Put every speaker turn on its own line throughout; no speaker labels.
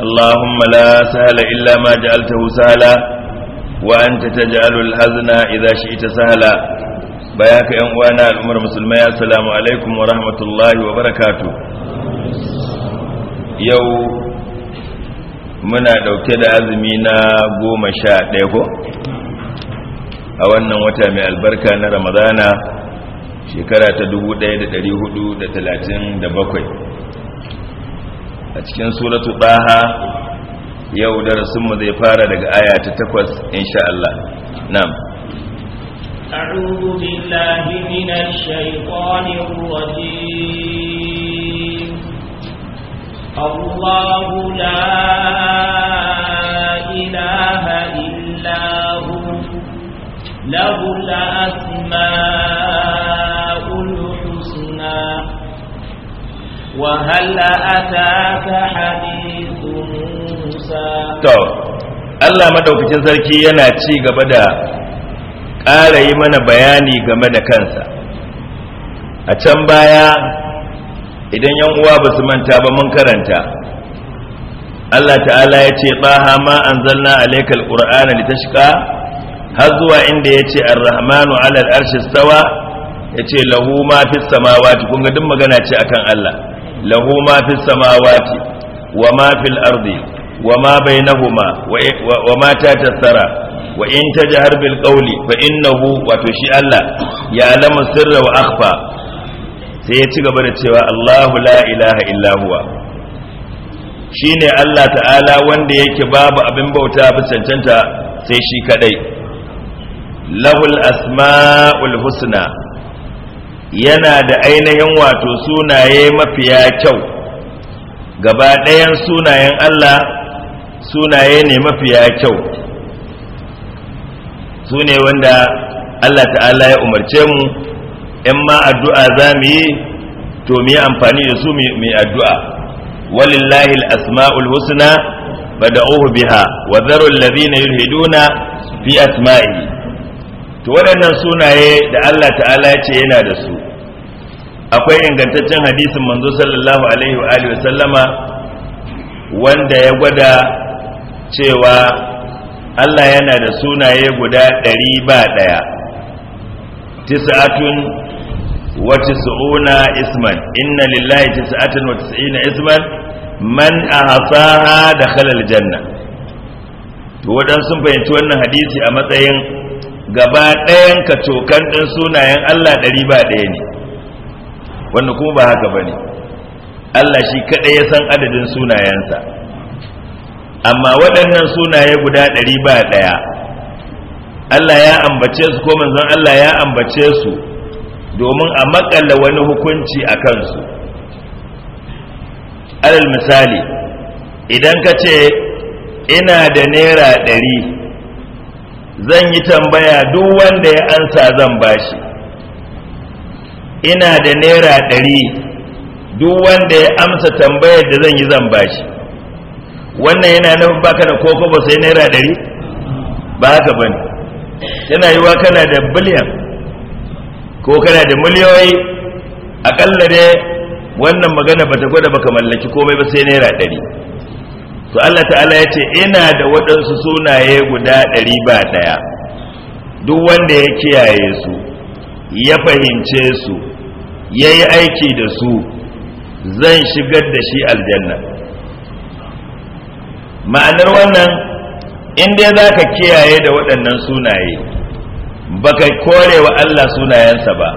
allahumala sahla illa ma da alta hu sahla wa anta ta ji alul hazna iza shi ita sahla baya ka yan uwana al'ummar musulmai aalamu alikum a rahmatullahi wa barakatu yau muna ɗauke da azumi na goma sha ɗaya ko a wannan wata mai albarka na ramadana shekara ta dubu ɗaya da ɗari hudu da talatin da bakwai a cikin suratu baha yau da rasul mu zai fara daga aya ta 8 insha Allah na'am
a'udhu billahi minash shaitanir rajeem Allahu la ilaha illa hu lahu al-asma'ul husna وهل
Allah madaukakin sarki yana ci gaba da ƙara yi mana bayani game da kansa a can baya idan yan uwa ba su manta ba mun karanta Allah ta'ala ya ce baha ma anzalna da ta shiga har zuwa inda ya ce ar-rahmanu alal arshi stawa ya ce lahu ma fi samawa kun ga duk magana ce akan Allah lahu ma fi samawati wa ma fil ardi wa ma bainahuma wa ma tatathara wa in tajhar bil qawli fa innahu wato shi Allah ya alamu sirra wa akhfa sai ya ci gaba da cewa Allahu la ilaha illa huwa shine Allah ta'ala wanda yake babu abin bauta ba cancanta sai shi kaɗai. lahul asma'ul husna yana da ainihin wato sunaye mafiya kyau gaba ɗayan sunayen Allah sunaye ne mafiya kyau su ne wanda Allah ta'ala ya umarce mu in ma addu'a za mu yi to mu yi amfani da su mai addu'a walillahi al'asma'ul husna fada'uhu biha wa zarul ladhina yulhiduna fi asma'i. to waɗannan sunaye da Allah ta'ala ya ce yana da su akwai ingantaccen hadisin manzo sallallahu alaihi wa alihi sallama wanda ya gwada cewa Allah yana da sunaye guda ɗari ba ɗaya tis'atun wa tis'una isman inna lillahi tis'atun wa tis'ina isman man ahsaha dakhala aljanna to wadan sun fahimci wannan hadisi a matsayin gaba ɗayan ka cokan ɗin sunayen Allah ɗari ba ɗaya ne wanda kuma ba haka ba ne Allah shi kaɗai ya san adadin sunayensa amma waɗannan sunaye guda ɗari ba ɗaya Allah ya ambace su ko manzon Allah ya ambace su domin a maƙalla wani hukunci a kansu alal misali idan ka ce ina da naira ɗari zan yi tambaya duk wanda ya ansa zan bashi ina da naira ɗari duk wanda ya amsa tambayar da zan yi zan bashi wannan yana nufin baka da koko ba sai naira ɗari ba haka bane yana yiwa kana da biliyan ko kana da miliyoyi akalla ne wannan magana bata gwada baka mallaki komai ba sai naira ɗari to Allah ta'ala ya ce ina da waɗansu sunaye guda ɗari ba ɗaya duk wanda ya kiyaye su ya fahimce su ya yi aiki da su zan shigar da shi aljanna ma'anar wannan inda za ka kiyaye da waɗannan sunaye baka kore wa Allah sunayensa ba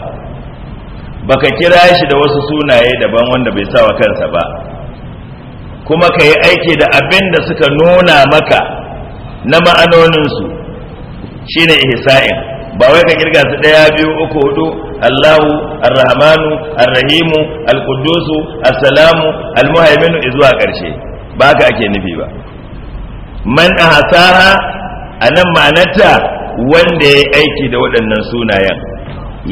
baka kira shi da wasu sunaye daban wanda bai sa wa kansa ba kuma ka yi aiki da abin da suka nuna maka na ma'anoninsu shi ne ihsa'in ba wai ka kirga su ɗaya biyu uku hudu allahu arrahmanu arrahimu alkudusu assalamu almuhaiminu zuwa ƙarshe ba ka ake nufi ba man ahsaha a nan ma'anarta wanda ya aiki da waɗannan sunayen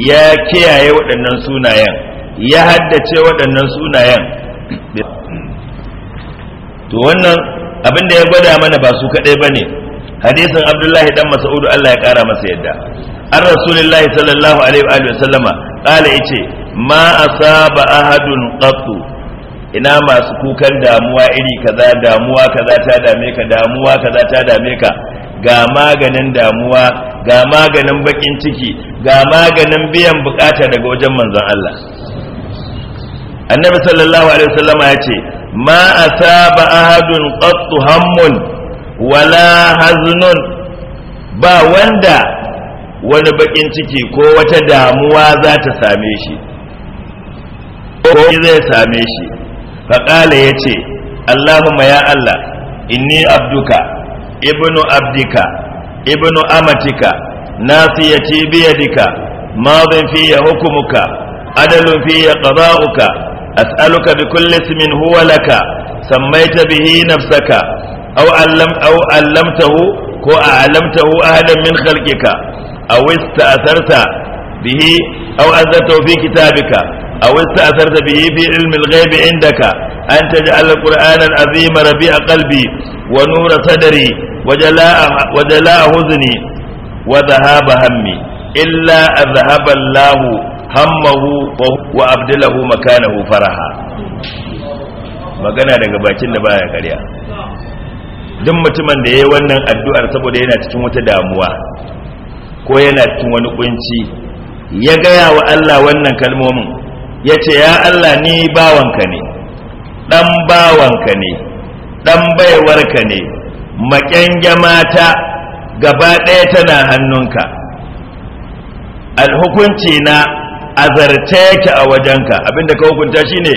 ya kiyaye waɗannan sunayen ya haddace waɗannan sunayen to wannan abin da ya gwada mana ba su kaɗai ba ne hadisin abdullahi dan mas'udu allah ya ƙara masa yadda an rasulullahi sallallahu alaihi wa sallama ƙala ya ce ma asaba ahadun qattu ina masu kukan damuwa iri kaza damuwa kaza ta dame ka damuwa kaza ta dame ka ga maganin damuwa ga maganin bakin ciki ga maganin biyan bukata daga wajen manzon Allah annabi sallallahu alaihi wasallama ya ce ما أساب أحد قط هم ولا حزن با وندا wani bakin ciki ko wata damuwa za ta same shi ko zai same shi faƙala ya ce allahumma ya allah inni abduka ibnu abdika ibnu amatika nasiyati biyadika madin fiye hukumuka adalun fiye qada'uka أسألك بكل اسم هو لك سميت به نفسك أو علم أو علمته كو أعلمته أهلا من خلقك أو استأثرت به أو أنزلته في كتابك أو استأثرت به في علم الغيب عندك أن تجعل القرآن العظيم ربيع قلبي ونور صدري وجلاء وجلاء حزني وذهاب همي illa azhaba Allah hammahu wa abdalahu makanahu faraha magana daga bakin da baya karya. duk mutumin da yayi wannan addu'ar saboda yana cikin wata damuwa ko yana cikin wani kunci ya gaya wa Allah wannan kalmomin ya ce ya Allah ni bawanka ne ɗan bawanka ne ɗan baiwarka ne maƙyange mata gaba ɗaya tana hannunka alhukunci na azarce yake a wajenka abinda ka hukunta shine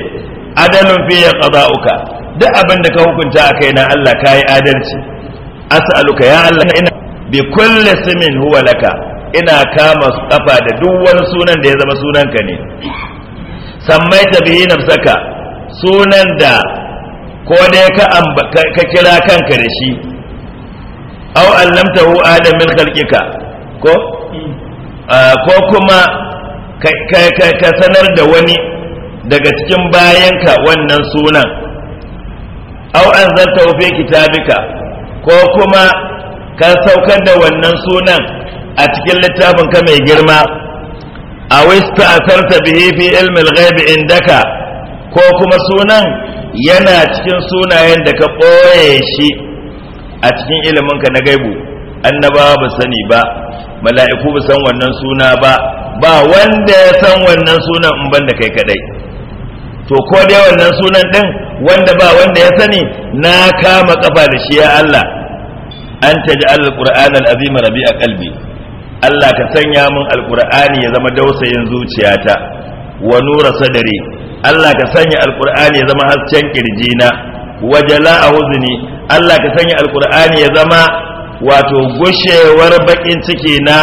adalun fi qada'uka duk abinda ka hukunta a kai na Allah kai adalci as'aluka ya Allah ina bi kulli ismin huwa laka ina kama kafa da duk wani sunan da ya zama sunanka ne sammaita bihi nafsaka sunan da ko dai ka ka kira kanka da shi aw allamtahu adam min khalqika ko ko kuma ka sanar da wani daga cikin bayanka wannan sunan au an zarta wafe kitabika ko kuma ka saukar da wannan sunan a cikin littafin ka mai girma a wista asarta bihi fi ilmin ghaibi indaka ko kuma sunan yana cikin sunayen da ka ɓoye shi a cikin ilminka na gaibu annaba ba sani ba mala'iku ba san wannan suna ba ba wanda ya san wannan sunan in banda kai kadai to ko dai wannan sunan din wanda ba wanda ya sani na kama kafa da shi ya Allah an taji al-qur'an al-azim rabi'a qalbi Allah ka sanya min alqur'ani ya zama dausayin zuciyata wa nura sadari Allah ka sanya alqur'ani ya zama hasken kirjina wa jala'a huzni Allah ka sanya alqur'ani ya zama wato gushewar baƙin ciki na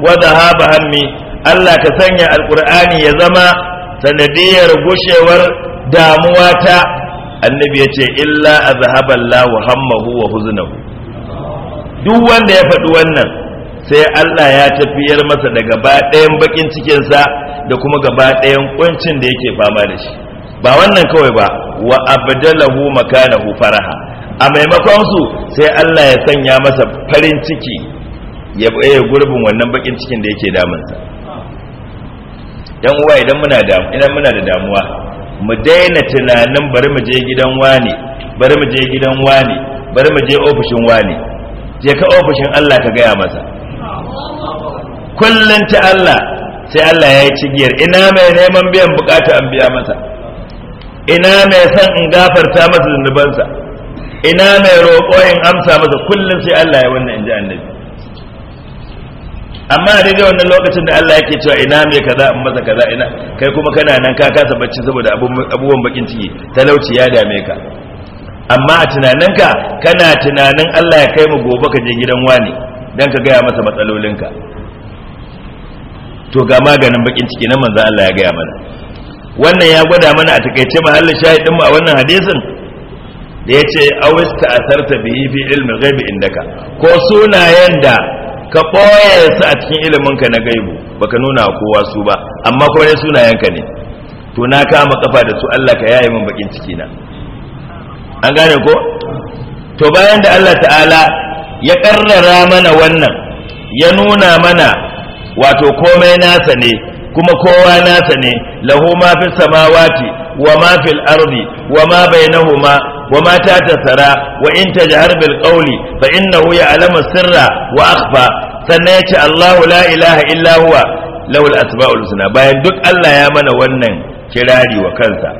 wadda haba hammi Allah ka sanya alkur'ani ya zama sanadiyar gushewar damuwata annabi ya ce illa a wa hammahu wa huznahu duk wanda ya faɗi wannan sai Allah ya tafiyar masa da gaba ɗayan bakin cikinsa da kuma gaba ɗayan kuncin da yake fama da shi ba wannan kawai ba wa abdalahu makanahu faraha a maimakon su sai Allah ya sanya masa farin ciki ya baye gurbin wannan bakin cikin da yake damunsa dan uwa idan muna da idan muna da damuwa mu daina tunanin bari mu je gidan wani bari mu je gidan wani bari mu je ofishin wani je ka ofishin Allah ka gaya masa kullun ta Allah sai Allah ya yi cigiyar ina mai neman biyan bukata an biya masa ina mai son in gafarta masa zunubansa ina mai roƙo in amsa masa kullum sai Allah ya wannan inji annabi amma a daidai wannan lokacin da Allah yake cewa ina mai kaza in masa kaza ina kai kuma kana nan ka kasa bacci saboda abubuwan bakin ciki talauci ya dame ka amma a tunaninka kana tunanin Allah ya kai mu gobe ka je gidan wani dan ka gaya masa matsalolinka to ga maganin bakin ciki na manzo Allah ya gaya mana wannan ya gwada mana a takaice mahallin shahidin mu a wannan hadisin da ya ce awista a sarta bihi fi ilmin gaibi indaka ko sunayen da ka ɓoye su a cikin iliminka na gaibu baka nuna kowa su ba amma kuma dai sunayenka ne to na kama kafa da su Allah ka yayi min bakin ciki na an gane ko to bayan da Allah ta'ala ya karrara mana wannan ya nuna mana wato komai nasa ne kuma kowa nasa ne lahu ma fi samawati wa ma fil ardi wa ma bainahuma wa ma ta tasara wa inta tajhar bil qawli fa innahu ya'lamu sirra wa akhfa sannan yace Allahu la ilaha illa huwa lahul asmaul husna bayan duk Allah ya mana wannan kirari wa kansa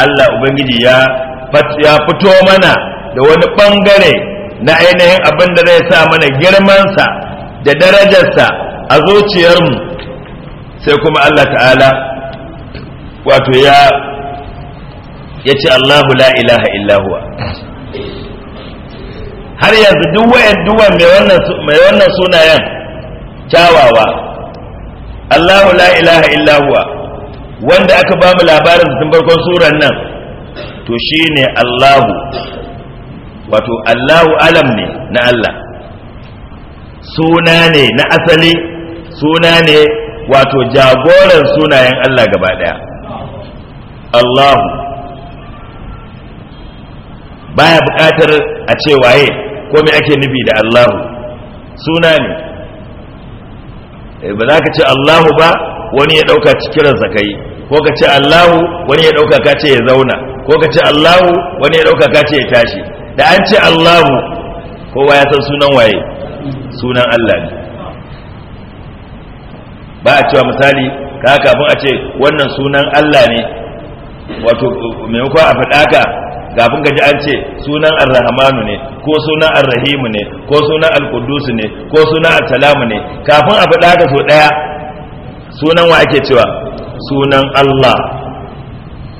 Allah ubangiji ya ya fito mana da wani ɓangare na ainihin abin da zai sa mana girmansa da darajarsa a zuciyarmu sai kuma Allah ta'ala wato ya ya ce Allahu la ilaha illahuwa har yanzu duk wayan duwan mai wannan sunayen kyawawa Allahu la ilaha illahuwa wanda aka ba mu labarin tun farkon suran nan to shine Allahu wato Allahu alam ne na Allah suna ne na asali suna ne wato jagoran sunayen Allah gaba daya Allahu baya buƙatar a ce waye ko me ake nufi da Allahu suna ne eh, ba za ka ce Allahu ba wani ya ɗauka cikin ka yi ko ka ce Allahu wani ya ɗauka ka ce ya zauna ko ka ce Allahu wani ya ɗauka ka ce ya tashi da an ce Allahu kowa ya san sunan waye sunan Allah ne ba a cewa misali ka kafin a ce wannan sunan Allah ne wato maimakon a faɗa ka kafin ka ji an ce sunan arrahmanu ne ko sunan arrahimu ne ko sunan alqudus ne ko sunan alsalamu ne kafin a faɗa ka so ɗaya sunan wa ake cewa sunan Allah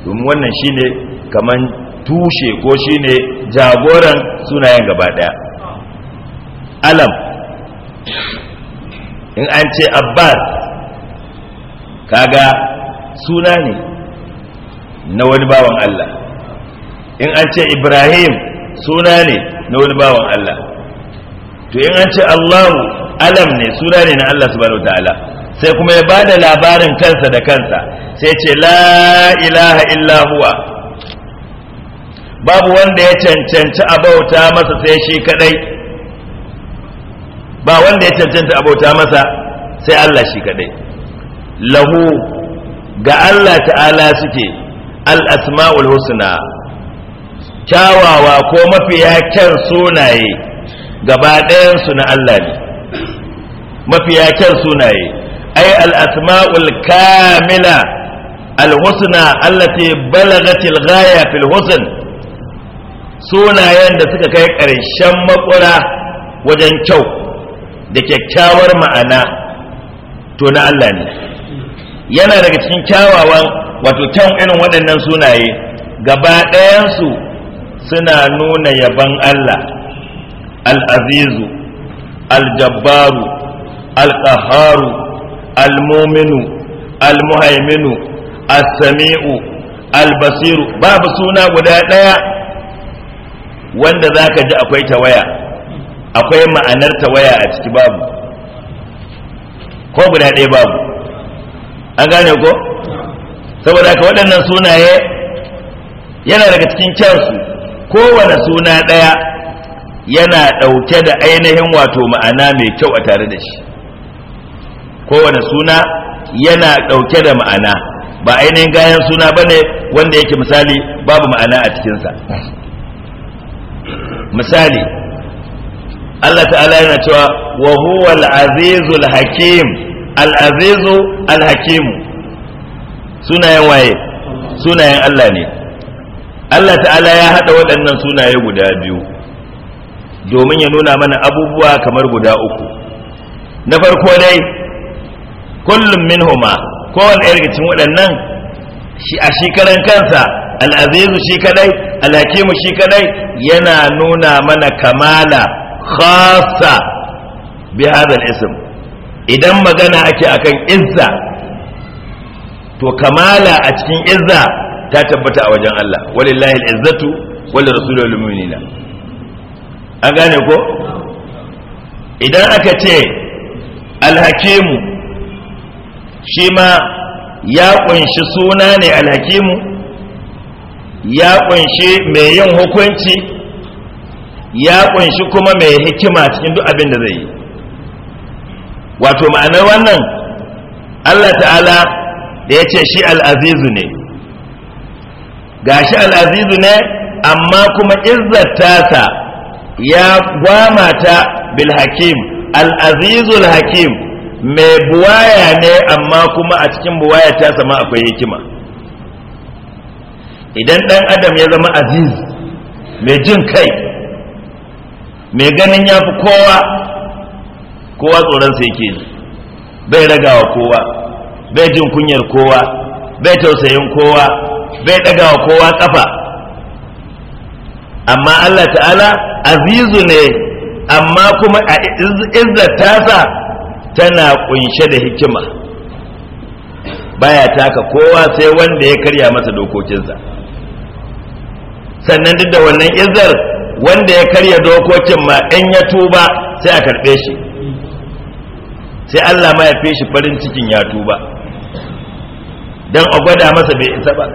domin wannan shine kaman tushe ko shine jagoran sunayen gaba ɗaya alam in an ce abbas kaga suna ne na wani bawan Allah in an ce ibrahim suna ne na wani bawan Allah to in an ce allahu alam ne suna ne na Allah su subhanahu ta'ala sai kuma ya bada labarin kansa da kansa sai ce la ilaha illa huwa babu wanda ya cancanci abauta masa sai shi kadai ba wanda ya cancanta abauta masa sai Allah shi kadai lahu ga Allah ta'ala suke al-asma'ul husna kyawawa ko mafiya kyan sunaye gaba ɗayansu na Allah ne mafiya kyan sunaye ai al'asma'ul kamila al-husna allati balagatil ghaya fil husn sunayen da suka kai ƙarshen makura wajen kyau da kyakkyawar ma'ana to na Allah ne yana daga cikin kyawawan wato kyan irin waɗannan sunaye gaba ɗayansu suna nuna yaban Allah al'azizu aljabbaru alƙaharu almominu almuhaiminu assami'u albasiru babu suna guda ɗaya wanda za ka ji akwai tawaya akwai ma'anar tawaya a ciki babu ko guda ɗaya babu an gane ko saboda ka waɗannan sunaye yana daga cikin kyansu kowane suna ɗaya yana ɗauke da ainihin wato ma'ana mai kyau a tare da shi kowane suna yana ɗauke da ma'ana ba ainihin gayan suna ba ne wanda yake misali babu ma'ana a cikinsa misali Allah ta'ala yana cewa wa huwa al-azizul hakim al-azizu al sunayen waye sunayen Allah ne Allah ta'ala ya haɗa waɗannan sunaye guda biyu domin ya nuna mana abubuwa kamar guda uku na farko dai kullum min homa kowane ɗaya daga cikin waɗannan a shekaran kansa al'azizu shi kadai alhakimu shi kadai yana nuna mana kamala khasa bi hadal ism idan magana ake akan izza to kamala a cikin izza ta tabbata a wajen Allah walillahi al'izzatu wal rasul wal an gane ko idan aka ce alhakimu shi ma ya kunshi suna ne alhakimu ya kunshi mai yin hukunci ya kunshi kuma mai hikima cikin duk abin da zai yi wato ma'anar wannan Allah ta'ala da ya ce shi al'azizu ne gashi al'azizu ne amma kuma izzar tasa ya gwamata bil hakim al'azizul hakim mai buwaya ne amma kuma a cikin buwaya tasa ma akwai hikima idan ɗan adam ya zama aziz mai jin kai mai ganin ya fi kowa kowa tsoronsa yake yi, bai ragawa kowa bai jin kunyar kowa bai tausayin kowa bai daga wa kowa kafa amma Allah ta'ala azizu ne amma kuma a izzar tasa tana kunshe da hikima baya taka kowa sai wanda ya karya masa dokokinsa sannan duk da wannan izzar wanda ya karya dokokin ma in ya tuba sai a karɓe shi sai Allah ma ya fi shi farin cikin ya tuba don a gwada masa bai isa ba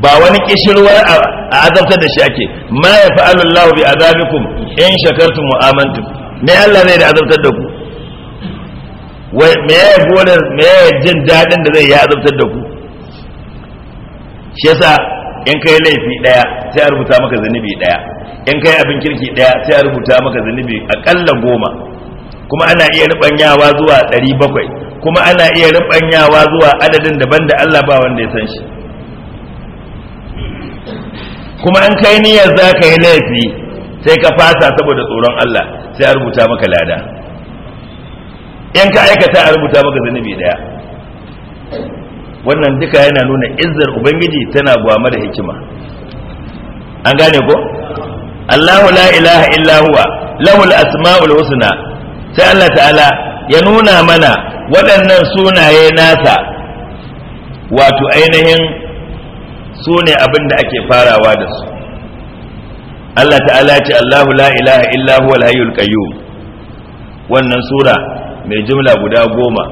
ba wani kishirwar a azabtar da shi ake ma ya fa’alun Allah bi azabikum in shakartun wa amantum me Allah zai da azabtar da ku me ya fi me jin daɗin da zai yi azabtar da ku shi yasa in kai laifi ɗaya sai a rubuta maka zanubi ɗaya. in kai abin kirki ɗaya sai a rubuta maka zanubi aƙalla goma kuma ana iya rubanyawa zuwa ɗari bakwai. kuma ana iya rubanyawa zuwa adadin daban da Allah ba wanda ya san shi kuma an kai niyyar za ka yi laifi sai ka fasa saboda tsoron Allah sai a rubuta maka lada in ka aikata a rubuta maka zunubi daya wannan duka yana nuna izzar ubangiji tana gwama da hikima an gane ko Allahu la ilaha illa huwa lahul asmaul husna sai Allah ta'ala ya nuna mana waɗannan sunaye nasa wato ainihin su ne abin da ake farawa da su Allah ta'ala ce Allahu la ilaha illa al hayyul qayyum wannan sura mai jumla guda goma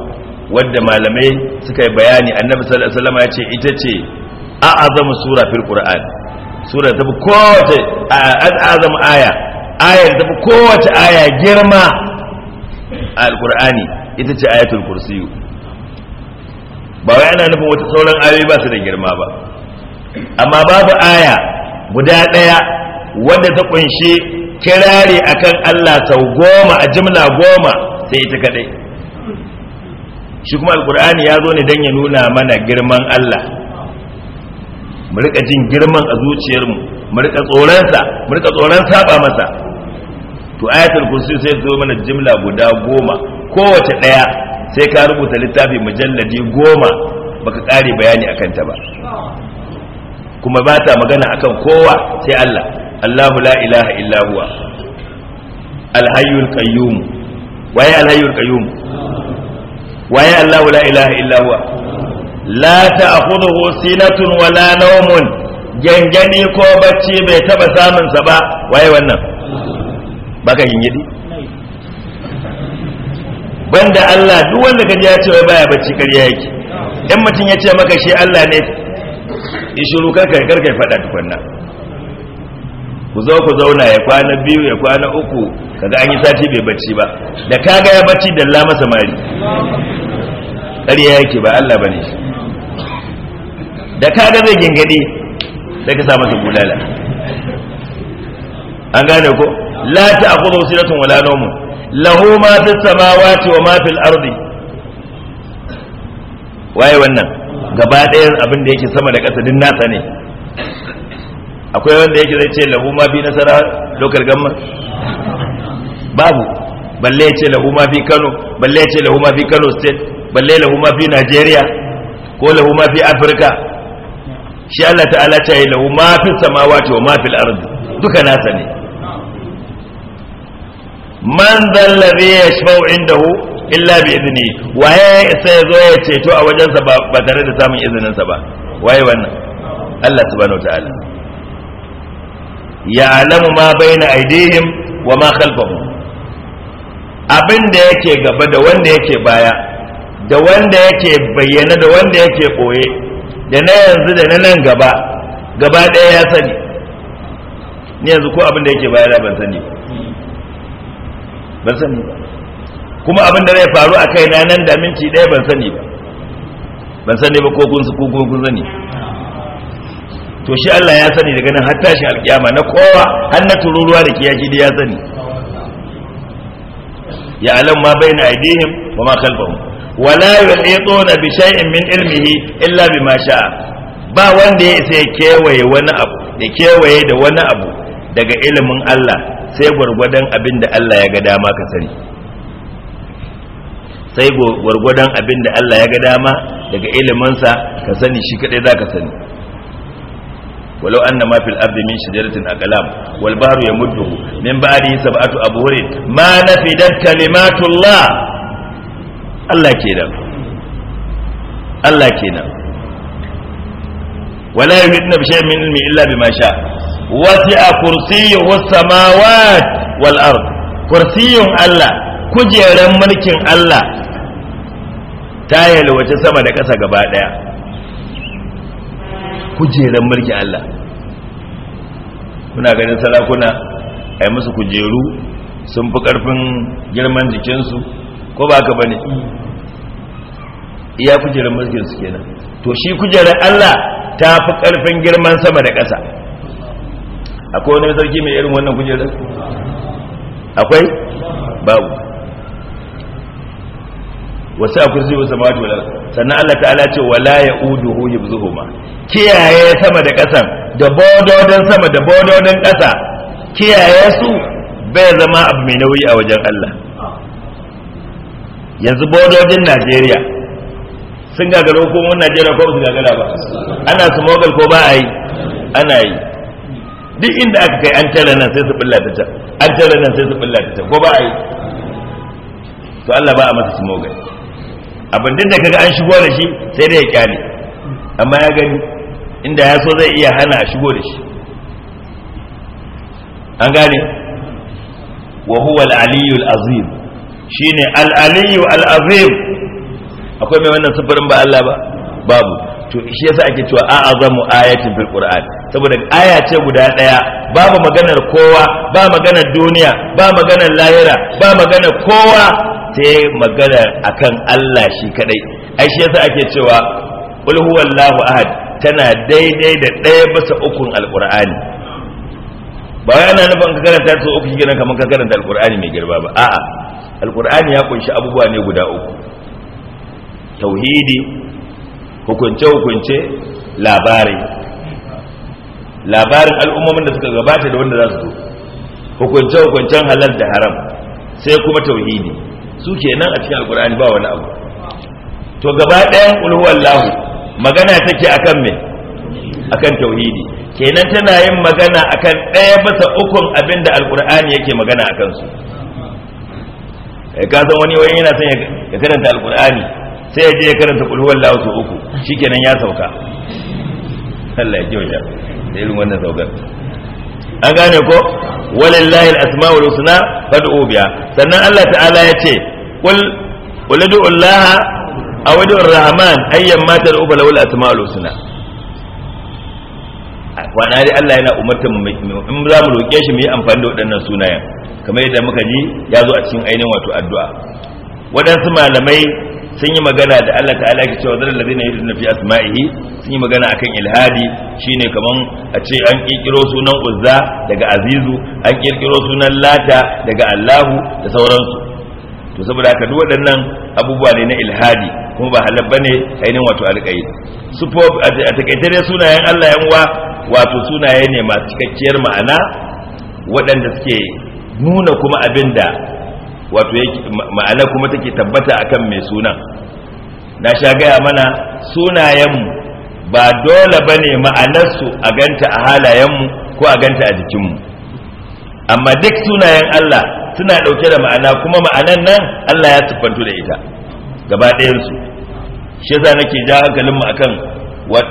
wadda malamai suka yi bayani annabi sallallahu alaihi wasallam ya ce ita ce a'azamu sura fil qur'an sura ta kowace a'azamu aya Aya ta kowace aya girma a qurani ita ce ayatul kursiyu ba wai ana nufin wata sauran ayoyi ba su da girma ba amma babu aya guda ɗaya wadda ta kunshi kirare akan Allah sau goma a jimla goma sai ita kadai shi kuma alkur'ani ya zo ne don ya nuna mana girman Allah mu rika jin girman a zuciyarmu mu rika tsoronsa mu rika tsoron saba masa to ayatul kursi sai zo mana jimla guda goma kowace ɗaya sai ka rubuta littafi mujalladi goma baka ƙare bayani akan ta ba kuma ba ta magana akan kowa sai Allah Allahu la ilaha illa huwa alhayyul qayyum waye alhayyul qayyum waye Allahu la ilaha illa huwa la ta'khudhuhu sinatun wala nawmun gangani ko bacci bai taba samun sa ba waye wannan baka gingidi banda Allah duk wanda kaji ya ce wai baya bacci kariya yake in mutum ya ce maka shi Allah ne in shiru ya karka ya faɗa tukunna ku zo ku zauna ya kwana biyu ya kwana uku kaga an yi sati bai bacci ba da kaga ya bacci da lama samari ƙarya yake ba Allah ba shi da kaga zai gingade sai ka sa masa bulala an gane ko la ta'khudhu sinatun wala nawm lahu ma fis samawati wa ma fil ardi waye wannan gaba ɗayan abin da yake sama da ƙasa din nasa ne akwai wanda yake zai ce lahu ma bi nasara lokal gamma babu balle ya ce lahu ma fi Kano balle ya ce lahu ma fi Kano state balle lahu ma fi Nigeria ko lahu ma fi Africa shi Allah ta'ala ta yi lahu ma fi samawati wa ma fil ardi duka nasa ne man dhal ladhi yashfa'u indahu illa bi izini waye sai ya zo ya ceto a wajensa ba tare da samun izininsa ba waye wannan Allah subhanahu ya alamu ma baina aidihim wa ma khalfahum abin da yake gaba da wanda yake baya da wanda yake bayyana da wanda yake koye da na yanzu da na nan gaba gaba ɗaya ya sani ni yanzu ko abin da yake baya da ban sani ba ban sani ba kuma abin da zai faru a kaina nan da minti ɗaya ban sani ba ban sani ba ko kun ko kun sani to shi Allah ya sani daga nan har tashin alkiyama na kowa har na tururuwa da kiyaki da ya sani ya alam ma baina aidihim wa ma khalfahum wala yuhituna bi shay'in min ilmihi illa bima sha'a ba wanda ya isa ya kewaye wani abu ya kewaye da wani abu daga ilimin Allah sai gwargwadon abin da Allah ya ga dama ka sani sai gwargwadon abin da Allah ya ga dama daga ilimansa ka sani shi kaɗai za ka sani walau an na mafi al'abdi min shidaratin a ya muddu min ba da yi sabatu a buhari ma na fidar kalimatullah Allah Allah ke nan wala yi hudu na min ilmi illa bi masha wasi a kursiyin wasu samawa wal'ar kursiyin Allah kujeran mulkin Allah ta yalwace sama da ƙasa gaba ɗaya kujeran mulkin Allah kuna ganin sarakuna a yi musu kujeru sun fi ƙarfin girman jikinsu ko ba ka bane iya kujeran mulkin su kenan to shi kujeran Allah ta fi ƙarfin girman sama da ƙasa akwai wani sarki mai irin wannan kujerar akwai babu Wasu a kursi wasu samawati wal sannan Allah ta'ala ce wala yauduhu ma. kiyaye sama da kasan da bododon sama da bododon kasa kiyaye su bai zama abu mai nauyi a wajen Allah yanzu bododin Najeriya sun gagara mun Najeriya ko su gagara ba ana su mogal ko ba a yi ana yi duk inda aka kai an tara nan sai su bulla ta ta an tara nan sai su bulla ta ta ko ba a yi to Allah ba a masa su mogal abin da kaga an shigo da shi sai da ya kyale amma ya gani inda ya so zai iya hana a shigo da shi an gane wa huwa al al-azim shine al-aliyyu al-azim akwai mai wannan sifirin ba Allah ba babu to shi yasa ake cewa azamu ayatin fil qur'an saboda aya ce guda daya babu maganar kowa ba maganar duniya ba maganar lahira ba maganar kowa sai magana akan Allah shi kadai ai shi yasa ake cewa qul huwallahu ahad tana daidai da ɗaya bisa ukun alqur'ani ba wai ana nufin ka karanta su uku kenan kamar ka karanta alqur'ani mai girba ba a'a alqur'ani ya kunshi abubuwa ne guda uku tauhidi hukunce hukunce labari labarin al'ummomin da suka gabata da wanda za su zo hukunce hukuncen halal da haram sai kuma tauhidi su ke nan a cikin alkur'ani ba wani abu to gaba ɗayan ulhuwallahu magana take akan me akan tauhidi kenan tana yin magana akan ɗaya bisa ukun abinda alkur'ani yake magana a kansu. ka san wani wani yana son ya karanta alkur'ani sai ya je ya karanta ulhuwallahu su uku kenan ya sauka Allah ya ke wajen da irin wannan saukar an gane ko walillahi al-asma'ul husna fad'u biha sannan Allah ta'ala ya ce qul qul Allah aw ar-rahman ayyan ma tad'u fa lahu al-asma'ul husna kwana Allah yana umartar mu in za mu roke shi mu yi amfani da waɗannan sunayen kamar yadda muka ji ya zo a cikin ainihin wato addu'a waɗansu malamai sun yi magana da Allah ta'ala ke cewa zarar lazina yi na fi asma'ihi sun yi magana akan ilhadi shine kaman a ce an kirkiro sunan uzza daga azizu an kirkiro sunan lata daga allahu da sauransu to saboda haka duk waɗannan abubuwa ne na ilhadi kuma ba halal bane ainihin wato alƙai Sufof a takaice dai sunayen Allah yan uwa wato sunaye ne masu cikakkiyar ma'ana waɗanda suke nuna kuma abinda. wato ma'ana kuma take tabbata akan mai sunan na sha gaya mana sunayenmu ba dole ba ne ma'anarsu a ganta a halayenmu ko a ganta a jikinmu amma duk sunayen Allah suna ɗauke da ma'ana kuma ma'anan nan Allah ya siffantu da ita gaba ɗayansu shi yasa nake ja hankalinmu akan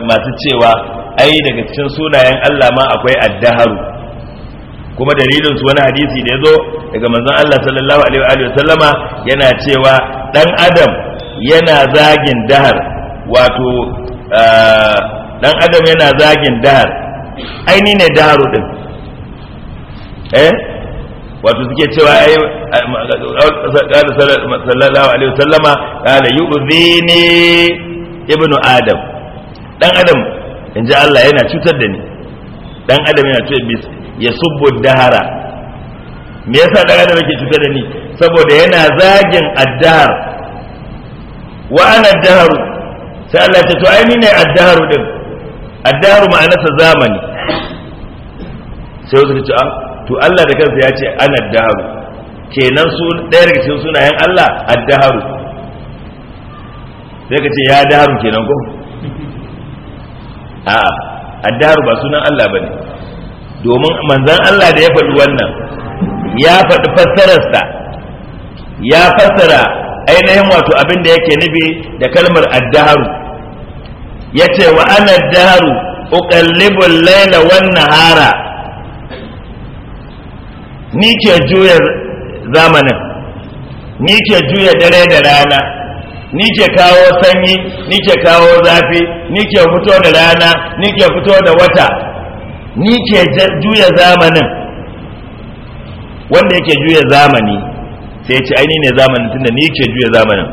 masu cewa ai daga cikin sunayen Allah ma akwai addaharu kuma dalilin su wani hadisi da ya zo daga manzon Allah sallallahu alaihi wa sallama yana cewa dan adam yana zagin dahar wato dan adam yana zagin dahar aini ne daharu din eh wato suke cewa ai sallallahu alaihi wa sallama kana yu'dhini ibnu adam dan adam inji Allah yana cutar da ni dan adam yana ce bis ya subbu dahara me yasa dan adam yake cutar da ni saboda yana zagin addahar wa ana daharu sai Allah ta to ai ni ne addaharu din addaharu ma'anarsa zamani sai wasu ce ah, to Allah da kansa ya ce ana daharu kenan su ɗaya daga cikin sunayen Allah addaharu sai ka ce ya daharu kenan ko a'a addaru ba sunan Allah ba ne domin manzan Allah da ya faɗi wannan ya faɗi fassararsa ya fassara ainihin wato abin da yake nufi da kalmar addaru ya ce wa ana ukan uqallibul laila wannan hara, ni ke juya zamanin ni ke juya dare da rana ni ke kawo sanyi ni ke kawo zafi ni ke fito da rana ni ke fito da wata ni ke juya zamanin wanda yake juya zamani sai ya ce aini ne zamanin tunda ni ke juya zamanin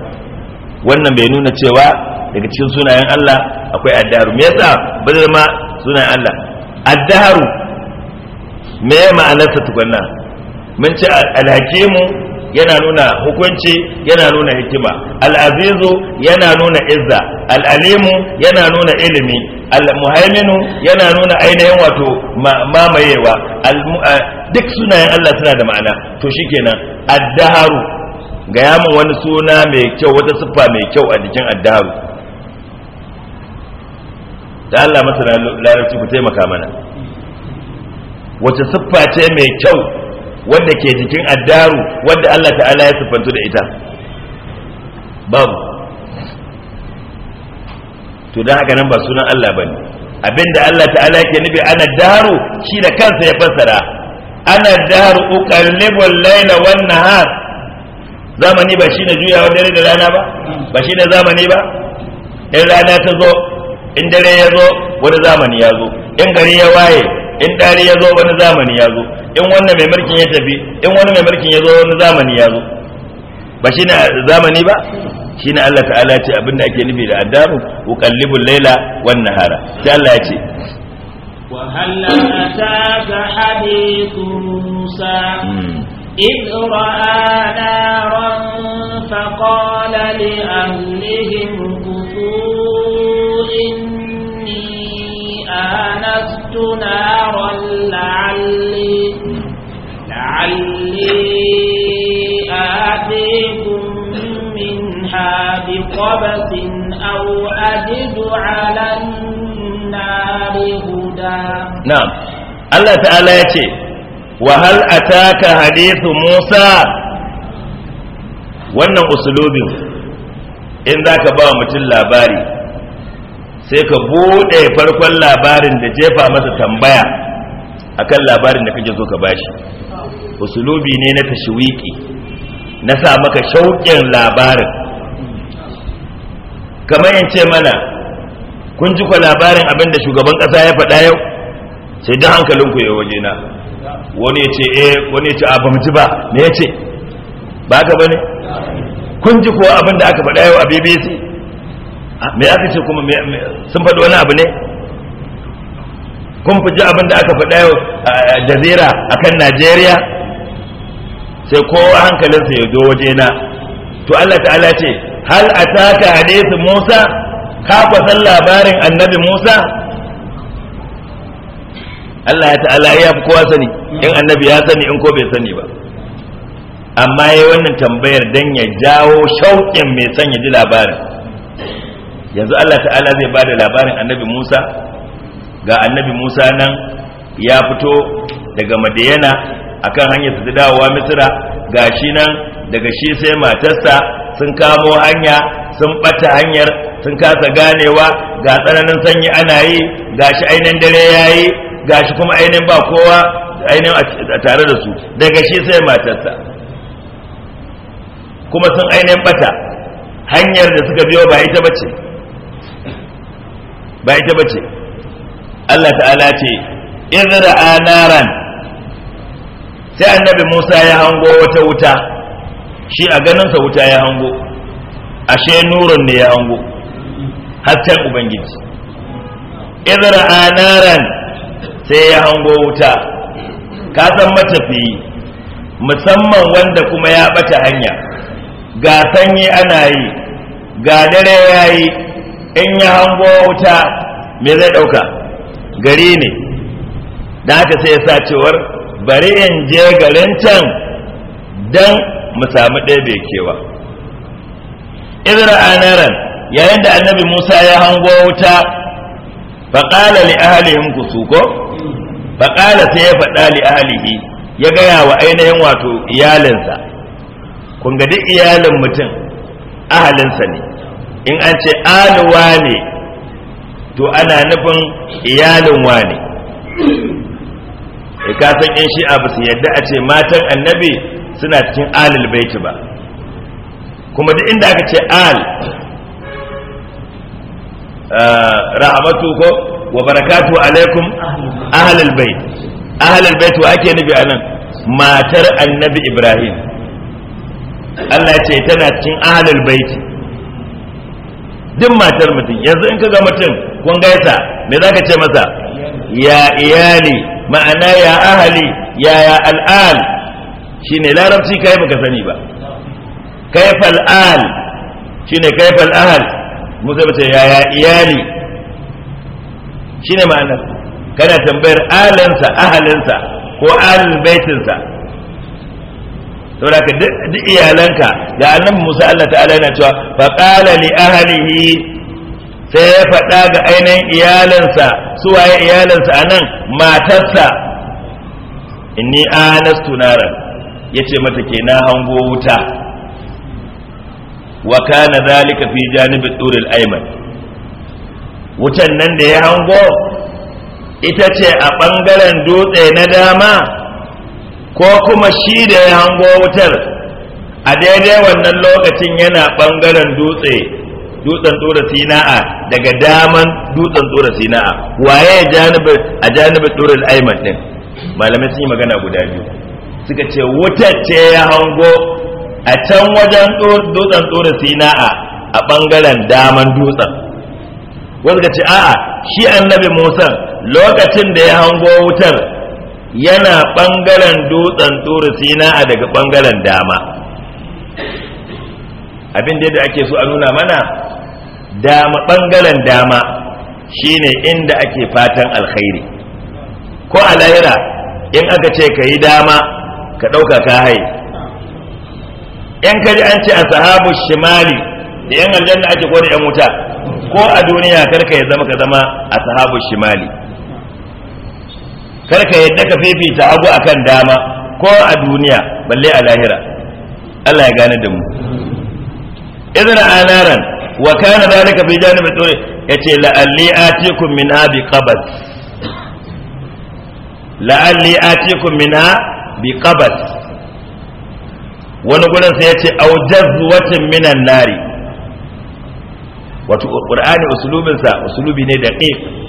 wannan bai nuna cewa daga cikin sunayen Allah akwai addaru me yasa bazar ma sunayen Allah addaru me ma'anarsa tukunna mun ce alhakimu yana nuna hukunci yana nuna hikima al'azizu yana nuna izza al'alimu yana nuna ilimi al-muhaiminu yana nuna ainihin wato mamayewa duk sunayen Allah suna da ma'ana to shikenan addaharu ga yamin wani suna mai kyau wata siffa mai kyau a jikin addaharu da Allah masana larabci ku taimaka mana wace siffa ce mai kyau wadda ke jikin addaru wadda Allah ta'ala ya siffantu da ita babu to don haka nan ba sunan Allah ba ne abinda Allah ta'ala ke nufi ana daru shi da kansa ya fassara ana daru uqallibul laila wan nahar zamani ba shine juyawa dare da rana ba ba shine zamani ba in rana ta zo in dare ya zo wani zamani ya zo in gari ya waye in ɗari ya zo wani zamani ya zo in wannan mai mulkin ya tafi in wani mai mulkin ya zo wani zamani ya zo ba shi zamani ba shi ne Allah ta'ala ce abinda ake nufi da ku uqallibul laila wan nahara sai Allah ya ce
wa hal ataka hadithu musa إذ رأى نارا فقال لأهلهم كثوا إني آنست نارا لعلي لعلي آتيكم منها بقبس أو أجد على النار هدى
نعم الله تعالى يتي وهل أتاك حديث موسى wannan usulubin in za ka ba mutum labari sai ka bude farkon labarin da jefa masa tambaya akan labarin da kake so ka bashi usulubi ne na tashwiki na sa maka shauƙin labarin kamar yance mana kun ji ku labarin abin da shugaban ƙasa ya faɗa yau sai dan hankalinku ya waje na wani ya ce eh wani ya ce a ji ba me ya ce ba ka bane kun ji ko abin da aka faɗa yau a BBC Ah, me aka ce kuma sun faɗi wani abu ne kun fi ji abin da aka faɗa yau a jazira a kan najeriya sai kowa hankalinsa ya zo waje na? to allah ta'ala ce hal a taka hadisi musa ka san labarin annabi musa allah ya ta'ala ya fi kowa sani in annabi ya sani in ko bai sani ba amma ya wannan tambayar don ya jawo shauƙin mai son ya ji labarin yanzu Allah ta'ala zai bada labarin annabi Musa ga annabi Musa nan ya fito daga Madiyana akan hanyar ta dawowa Misra gashi nan daga shi sai matarsa sun kamo hanya sun bata hanyar sun kasa ganewa ga tsananin sanyi ana yi gashi ainihin dare yayi gashi kuma ainihin ba kowa ainihin a tare da su daga shi sai matarsa kuma sun ainihin bata hanyar da suka biyo ba ita bace ba ita bace Allah ta'ala ce izra anaran sai annabi Musa ya hango wata wuta shi a ganinsa wuta ya hango ashe nurun ne ya hango hasken ubangiji izra anaran sai ya hango wuta ka san matafiyi musamman wanda kuma ya bata hanya ga sanyi ana yi ga dare yayi in ya hango wuta me zai ɗauka gari ne da haka sai ya sa cewar bari in je garin can don mu samu ɗebe kewa izra anaran yayin da annabi musa ya hango wuta faƙala li ahalihim ku suko faƙala sai ya faɗa li ahalihi ya gaya wa ainihin wato iyalinsa kun ga duk iyalin mutum ahalinsa ne in an ce aluwa ne to ana nufin iyalin wane ya e, kasan yan shi'a ba su yadda a ce matan annabi suna cikin alil baiti ba kuma duk inda aka ce al rahamatu ko wa barakatu alaikum ahlul bait ahlul bait wa ake nufi anan matar annabi ibrahim Allah ce tana cikin ahlul baiti duk matar mutum yanzu in ka ga mutum kun gaisa me za ka ce masa ya iyali ma'ana ya ahali ya ya al'al Shi ne larabci yi baka sani ba kaifal al ne kaifal ahal Musa sai mace ya ya iyali Shi ne ma'ana kana tambayar alansa ahalinsa ko alin baitinsa saboda ka duk iyalanka ga annabi Musa Allah ta'ala yana cewa fa qala li ahlihi sai ya faɗa ga ainihin iyalansa su waye iyalansa anan matarsa inni anastu naran yace mata ke na hango wuta wa kana zalika fi janibi turil ayman wutan nan da ya hango ita ce a bangaren dutse na dama ko kuma shi da ya hango wutar a daidai wannan lokacin yana ɓangaren dutse dutsen tsura sina'a daga daman dutsen tsura sina'a waye a janibin tura aiman ɗin malamai sun yi magana guda biyu suka ce wutar ce ya hango a can wajen dutsen tsura sina'a a ɓangaren daman dutsen wanda ce a'a shi annabi musan lokacin da ya hango wutar yana ɓangaren dutsen turu sina a daga ɓangaren dama abin da ake so a nuna mana dama ɓangaren dama shine inda ake fatan alkhairi ko a lahira in aka ce ka yi dama ka ɗauka ka hai yan kaji an ce a sahabu shimali da yan aljanna ake kware yan wuta ko a duniya karka ya zama ka zama a sahabu shimali kar ka yadda ka fifita a akan dama ko a duniya balle a lahira Allah ya gane da mu idan anaran wa kana zalika fi janibi tsore yace la'alli atikum min abi qabas la'alli atikum min bi qabas wani gurin sai yace aw jazwatin minan nari wato qur'ani uslubinsa uslubi ne daqiq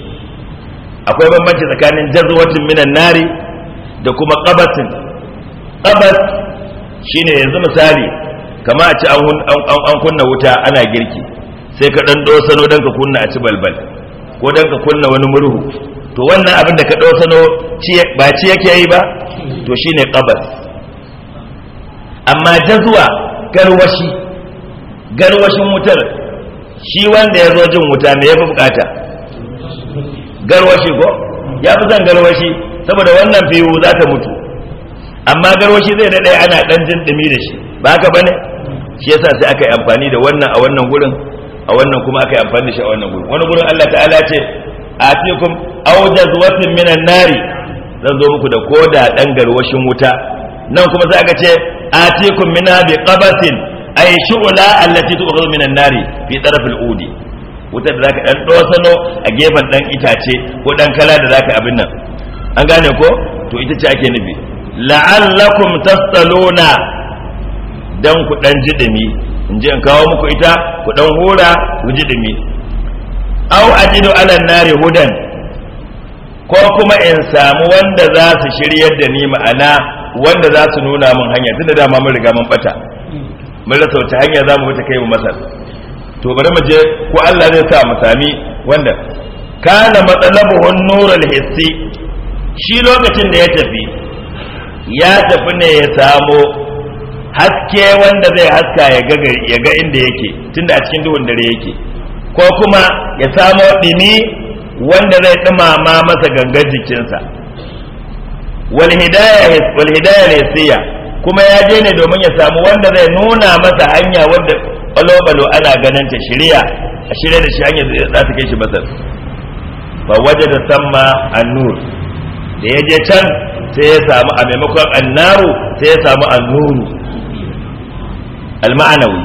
akwai bambanci tsakanin jazwatin minan nari da kuma qabatin qabat shine yanzu misali kama a ci an kunna wuta ana girki sai ka dan dosano dan ka kunna a ci balbal ko dan ka kunna wani murhu to wannan abin da ka dosano ba ci yake yi ba to shine qabat amma jazwa garwashi garwashin wutar shi wanda ya zo jin wuta me ya fi bukata garwashi ko ya fi son garwashi saboda wannan fiwu za ta mutu amma garwashi zai daɗe ana ɗan jin ɗumi da shi ba haka bane shi yasa sai aka yi amfani da wannan a wannan gurin a wannan kuma aka yi amfani da shi a wannan gurin wani gurin Allah ta'ala ce atikum awjaz watin minan nari zan zo muku da koda dan garwashin wuta nan kuma sai aka ce atikum mina bi qabatin ay shu'la allati tu'khadhu minan nari fi tarafil udi wutar da zaka dan dosano a gefen dan itace ko dan kala da zaka abin nan an gane ko to ita ce ake nufi la'allakum tastaluna dan ku dan jidimi in je in kawo muku ita ku dan hura ku jidimi aw ajidu ala nari hudan ko kuma in samu wanda za su shiryar da ni ma'ana wanda za su nuna min hanya tunda dama mun riga mun bata mun rasa wata hanya za mu fita kai mu masar to bari mu je ko Allah zai sa mu sami wanda kana matsalabuhu an hissi shi lokacin da ya tafi ya tafi ne ya samo haske wanda zai haska ya ga ya ga inda yake tunda a cikin duhun dare yake ko kuma ya samo dimi wanda zai dumama masa gangar jikinsa wal hidaya wal hidayah kuma ya je ne domin ya samu wanda zai nuna masa hanya wanda balo-balo ana ganin ta shirya a shirya da shi hanyar za ta kai shi masar ba waje da samma annur da ya je can sai ya samu a maimakon annaru sai ya samu annuru alma'anawi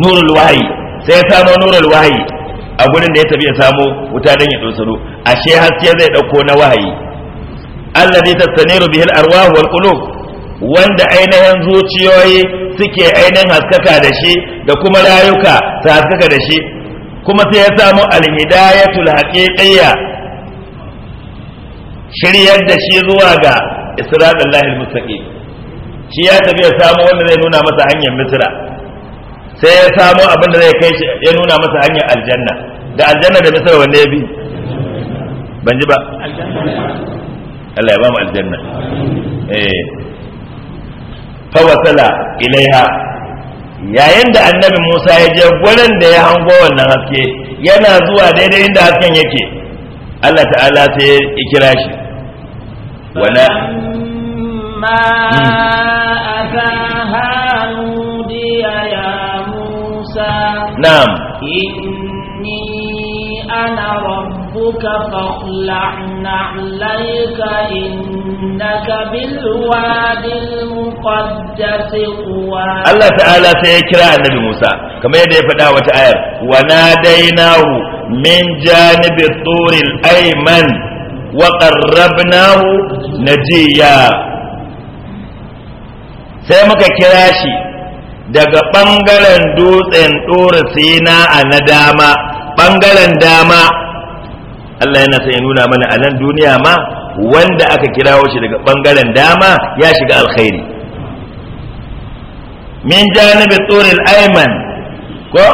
nurul wahayi sai ya samu nurul wahayi a gurin da ya tafi ya samu wuta don ya dosaro ashe haske zai dauko na wahayi Allah allazi tastaniru bihil arwa wal qulub wanda ainihin zuciyoyi suke ainihin haskaka da shi da kuma rayuka su haskaka da shi kuma sai ya samu alhidayatul haqiqiyya shiryar da shi zuwa ga isra'il lahil mustaqim shi ya tafi ya samu wanda zai nuna masa hanyar misra sai ya samu abin da zai kai shi ya nuna masa hanyar aljanna da aljanna da misra wanne ya bi ban ji ba Allah ya ba mu aljanna eh fawasala ilaiha yayin da annabi Musa ya je gurin da ya hango wannan haske yana zuwa daidai inda hasken yake Allah ta'ala ta yi kira shi wala
ma afaha ya Musa na'am inni ana rabb ربك فاخلع نعليك إنك بالواد المقدس قوى الله تعالى
سيكرا النبي موسى كما يدي فدا وتعالى وناديناه من جانب الطور الأيمن وقربناه نجيا سيمك كراشي daga ɓangaren dutsen ɗora sina a na dama ɓangaren dama Allah yana son ya nuna mana a nan duniya ma wanda aka kirawo shi daga bangaren dama ya shiga alkhairi min janibi tsoril ayman ko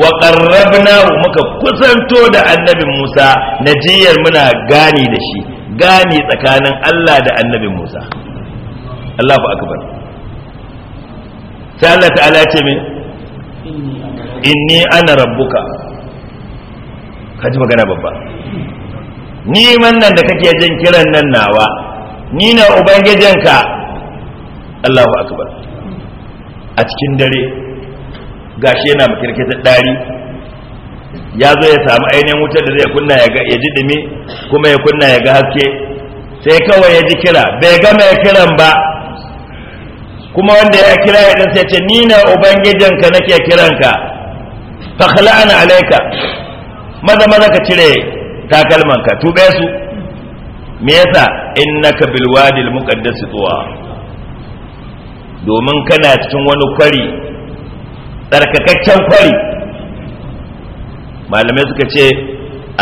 wa qarrabna muka kusanto da annabi Musa najiyar muna gani da shi gani tsakanin Allah da annabi Musa Allahu akbar sai Allah ta'ala ce min inni ana rabbuka kaji magana babba ni man nan da kake jin kiran nan nawa ni na ubangijinka Allahu akbar a cikin dare gashi yana makirkita dari ya zo ya samu ainihin wutar da zai kunna ya ji dumi kuma ya kunna ya ga haske sai kawai ya ji kira bai gama ya kiran ba kuma wanda ya kira ya dan sai ce ni na ubangijinka nake kiranka fa khala'ana alayka maza maza ka cire takalman ka tube su me yasa innaka bil wadi al muqaddas tuwa domin kana cikin wani kwari tsarkakaccen kwari malamai suka ce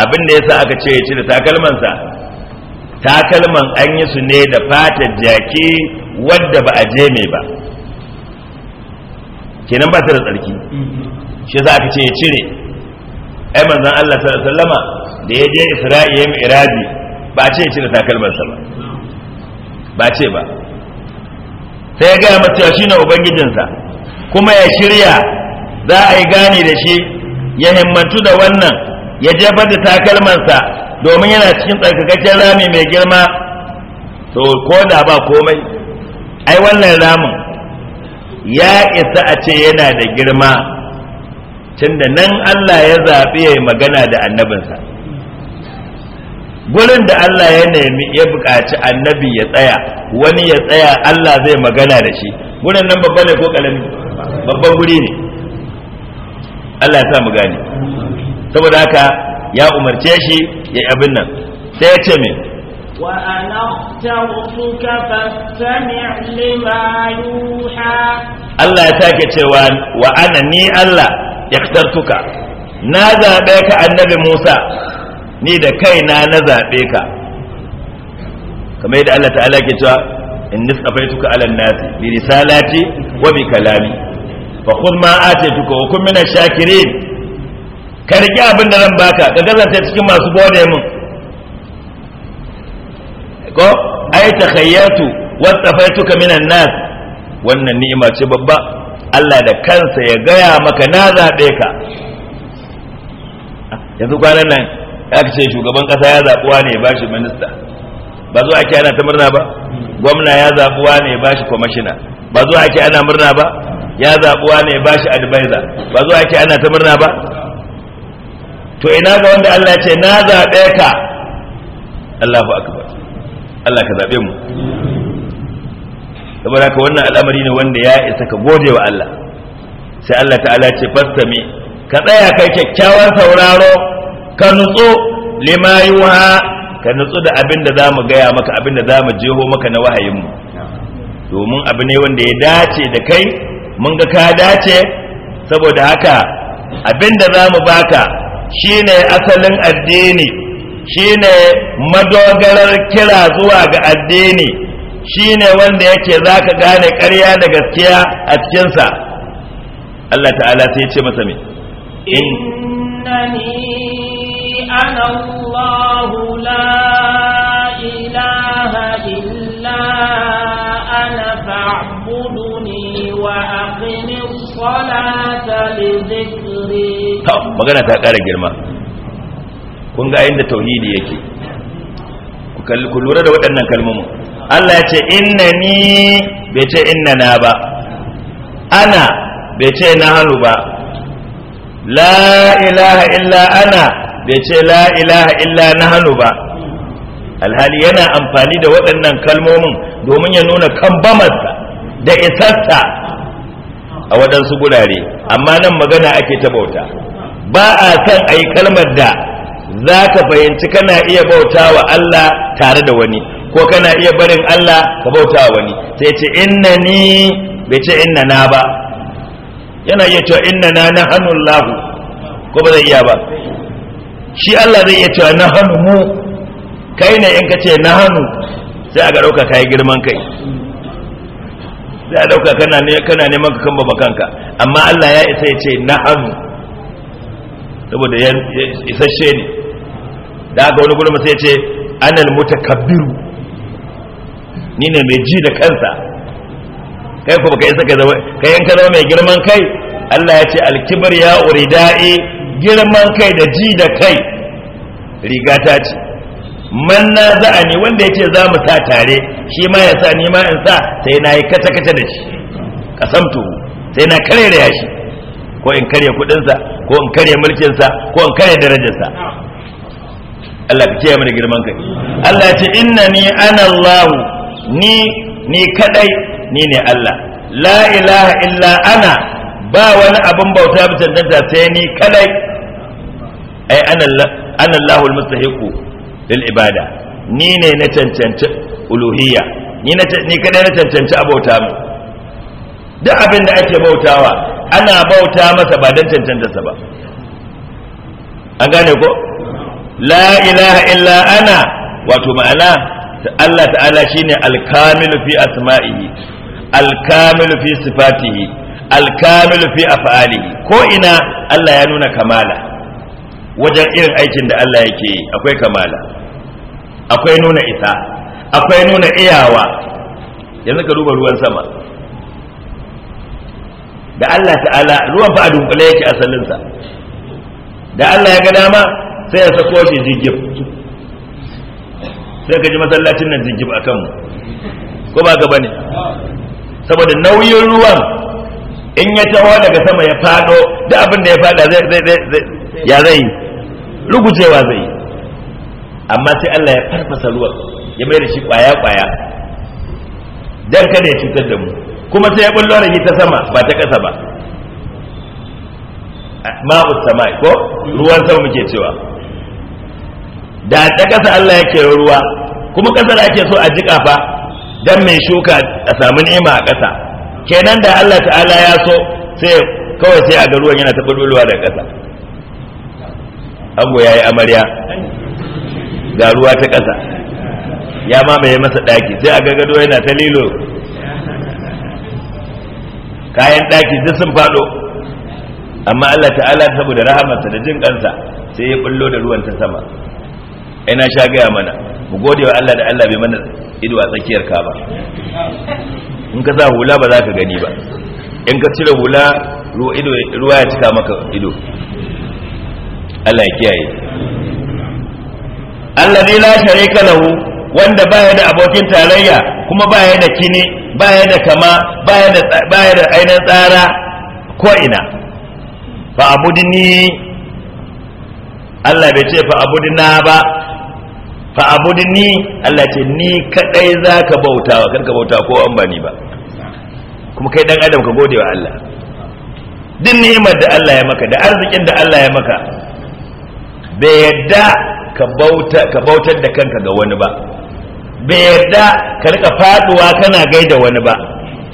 abin da yasa aka ce ya takalmansa takalman an yi su ne da fata jaki wadda ba a je mai ba kenan ba ta da tsarki shi za aka ce ya cire ai manzon Allah sallallahu alaihi wasallama da ya je isra'i ya iradi ba ce ya da takalmarsa ba ba ce ba sai ya gaya shi na ubangijinsa kuma ya shirya za a yi gane da shi ya himmantu da wannan ya jefar da takalmarsa domin yana cikin tsarkakakken rami mai girma to ko da ba komai ai wannan ramin ya isa a ce yana da girma tunda nan Allah ya zaɓi ya yi magana da annabinsa gurin da Allah ya nemi ya buƙaci annabi ya tsaya wani ya tsaya Allah zai magana da shi gurin nan babba ne ko ƙarami babban guri ne Allah ya sa mu gane saboda haka ya umarce shi ya abin nan sai ya ce min
وأنا اخترتك فاستمع لما يوحى
الله يتاكي تشوان وأنا ني الله اخترتك na zaɓe ka annabi Musa ni da kaina na zaɓe ka kamar yadda Allah ta'ala ke cewa in nisafaituka ala nasi bi risalati wa bi kalami fa khudh ma atituka wa kun ash shakirin ka rike abin da zan baka ka gazanta cikin masu gode mun ko ai takhayyatu wa tafaituka minan nas wannan ni'ima ce babba Allah da kansa ya gaya maka na zabe ka yanzu kwanan nan aka ce shugaban kasa ya zaɓuwa ne ya shi minista ba zuwa ake ana ta murna ba gwamna ya zaɓuwa ne ya shi kwamashina ba zuwa ake ana murna ba ya zaɓuwa ne ya shi adviser. ba zuwa ake ana ta murna ba to ina ga wanda Allah ce na zaɓe ka Allahu akbar Allah ka zaɓe mu saboda haka wannan al'amari ne wanda ya isa ka gode wa Allah sai Allah ta'ala ce fastami ka tsaya kai kyakkyawan sauraro ka nutsu lima waha, ka nutsu da abin da zamu gaya maka abin da zamu jeho maka na wahayinmu domin abu ne wanda ya dace da kai mun ga ka dace saboda haka abin da zamu baka shine asalin addini shine madogarar kira zuwa ga addini shine wanda yake zaka gane ƙarya da gaskiya a cikinsa Allah ta'ala sai ya ce masa me in
أنا الله لا إله إلا أنا فاعبدني وأقم الصلاة لذكري طب
magana ta ƙara girma kun ga inda tauhidi yake ku lura da waɗannan kalmomin Allah ya ce innani bai ce innana ba ana bai ce na hannu ba la ilaha illa ana bai ce la ilaha illa nahnu ba alhali yana amfani da waɗannan kalmomin domin ya nuna bamarsa da isarsa a waɗansu gurare amma nan magana ake ta bauta ba a san a yi kalmar da za ka fahimci kana iya bauta wa Allah tare da wani ko kana iya barin Allah ka bauta wa wani sai ce inna ni bai ce inna na ba yana iya cewa inna na na hannun lahu ko ba zai iya ba shi Allah zai iya cewa na hannu mu kai ne in ka ce na hannu sai aka ɗauka yi girman kai sai a ɗauka kana neman ka kamba kanka amma Allah ya isa ya ce na hannu saboda ya isasshe ne da aka wani gudunmu sai ya ce anal mutakabbiru ni ne mai ji da kansa kai ko baka isa ka zama kai in ka zama mai girman kai Allah ya ce alkibar ya urida'i girman kai da ji da kai riga ta ce manna za'a ne wanda ya ce za mu ta tare shi ma ya sa nima in sa sai na yi kata-kata da shi kasamtu sai na kare da yashi ko in kare kudinsa ko in kare mulkinsa ko in kare darajarsa Allah ka ce mana girman kai Allah ce inna ni ana Allah ni ni kadai ni ne Allah la ilaha illa ana ba wani abin bauta tantanta sai ni kadai ai ana Allahul mustahiqu lil ibada ni ne na cancanci uluhiyya ni na ni kadai na cancanci abauta mu duk abin da ake bautawa ana bauta masa ba dan sa ba an gane ko la ilaha illa ana wato ma'ana Allah ta'ala shine al-kamilu fi asma'ihi al-kamilu fi sifatihi al-kamilu fi af'alihi ko ina Allah ya nuna kamala wajen irin aikin da Allah yake yi akwai kamala akwai nuna isa akwai nuna iyawa yanzu ka duba ruwan sama da Allah ta'ala ruwan ba a dunkule yake asalinsa da Allah ya ga dama sai ya sako shi jigib sai ka ji masallacin nan jigib a kanmu ko ba gaba ne saboda nauyin ruwan in ya taho daga sama ya fado da abin da ya fada zai ya zai rugujewa zai amma sai Allah ya farfasa ruwan ya mai da shi kwaya kwaya dan kada ya cutar da mu kuma sai ya bullo rage ta sama ba ta kasa ba ma'u samai ko ruwan sama muke cewa da ta kasa Allah yake ruwa kuma ƙasar ake so a jika fa dan mai shuka a samu ni'ima a kasa kenan da Allah ta'ala ya so sai kawai sai a ga ruwan yana ta bulbulwa daga kasa ango ya yi amarya ga ruwa ta ƙasa ya mamaye masa ɗaki sai a gado yana ta lilo kayan ɗaki duk sun faɗo amma Allah ta'ala saboda rahamarsa da jin kansa sai ya bullo da ruwan ta sama ina sha gaya mana mu gode wa Allah da Allah bai mana ido a tsakiyar ka ba in ka sa hula ba za ka gani ba in ka cire hula ruwa ya cika maka ido Allah ya kiyaye allazi la sharika lahu wanda baya da abokin tarayya kuma baya da kini baya da kama baya da baya da ainihin tsara ko ina fa abudni Allah bai ce fa abudna ba fa abudni Allah ce ni kadai zaka bautawa kanka bauta ko an bani ba kuma kai dan adam ka gode wa Allah din ni'imar da Allah ya maka da arzikin da Allah ya maka bai yadda ka bautar da kanka ga wani ba bai yadda ka rika faduwa kana gaida wani ba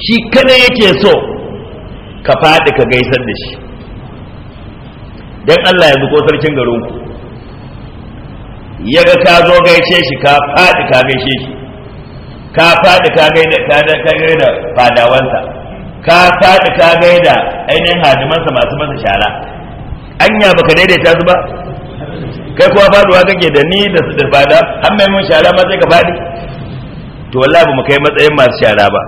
shi kana yake so ka faɗi ka gaisar da shi don Allah ya ko sarkin garinku ya ga ka zo gaishe shi ka faɗi ka gaishe shi ka faɗi ka gaida ka gaida fadawansa ka faɗi ka gaida ainihin hadimansa masu masa shara anya baka daidaita su ba kai kuma faduwa kake da ni da su da fada an mai mun shara ma sai ka fadi to wallahi ba mu kai matsayin masu shara ba